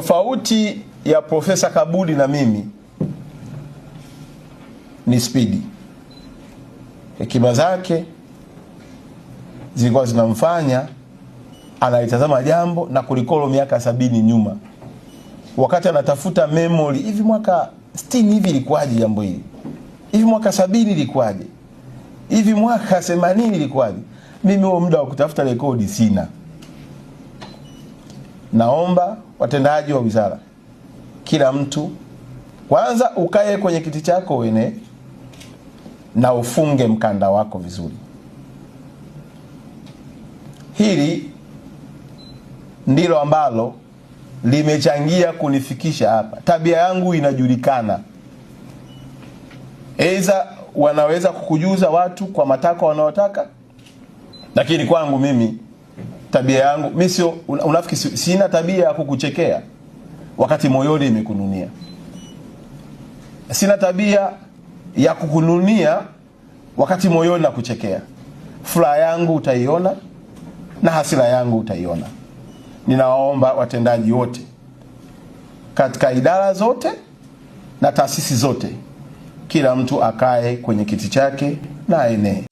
Tofauti ya Profesa Kabudi na mimi ni spidi. Hekima zake zilikuwa zinamfanya anaitazama jambo na kulikolo miaka sabini nyuma, wakati anatafuta memory hivi mwaka stini hivi ilikuwaje jambo hili, hivi mwaka sabini ilikuwaje, hivi mwaka themanini ilikuwaje. Mimi huo muda wa kutafuta rekodi sina. Naomba watendaji wa wizara, kila mtu kwanza ukae kwenye kiti chako wene na ufunge mkanda wako vizuri. Hili ndilo ambalo limechangia kunifikisha hapa. Tabia yangu inajulikana, aidha wanaweza kukujuza watu kwa matakwa wanaotaka, lakini kwangu mimi tabia yangu mi sio unafiki, sina tabia ya kukuchekea wakati moyoni imekununia. Sina tabia ya kukununia wakati moyoni na kuchekea. Furaha yangu utaiona na hasira yangu utaiona. Ninawaomba watendaji wote katika idara zote na taasisi zote, kila mtu akae kwenye kiti chake na aenee.